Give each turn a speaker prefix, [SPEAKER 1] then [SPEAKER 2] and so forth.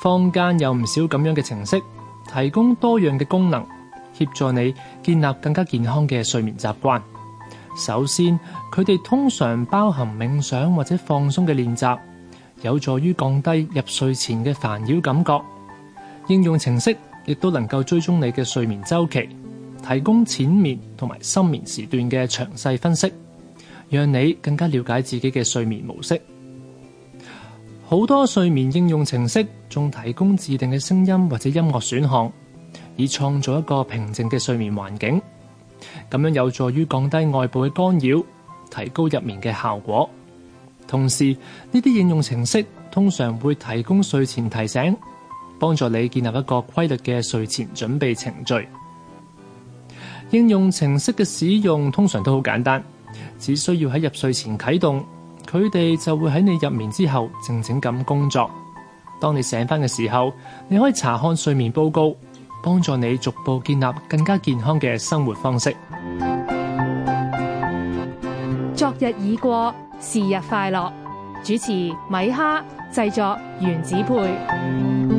[SPEAKER 1] 坊間有唔少咁樣嘅程式，提供多樣嘅功能，協助你建立更加健康嘅睡眠習慣。首先，佢哋通常包含冥想或者放鬆嘅練習，有助於降低入睡前嘅煩擾感覺。應用程式亦都能夠追蹤你嘅睡眠周期，提供淺眠同埋深眠時段嘅詳細分析，讓你更加了解自己嘅睡眠模式。好多睡眠應用程式仲提供自定嘅聲音或者音樂選項，以創造一個平靜嘅睡眠環境，咁樣有助於降低外部嘅干擾，提高入眠嘅效果。同時，呢啲應用程式通常會提供睡前提醒，幫助你建立一個規律嘅睡前準備程序。應用程式嘅使用通常都好簡單，只需要喺入睡前啟動。佢哋就會喺你入眠之後靜靜咁工作。當你醒翻嘅時候，你可以查看睡眠報告，幫助你逐步建立更加健康嘅生活方式。昨日已過，是日快樂。主持米哈，製作原子配。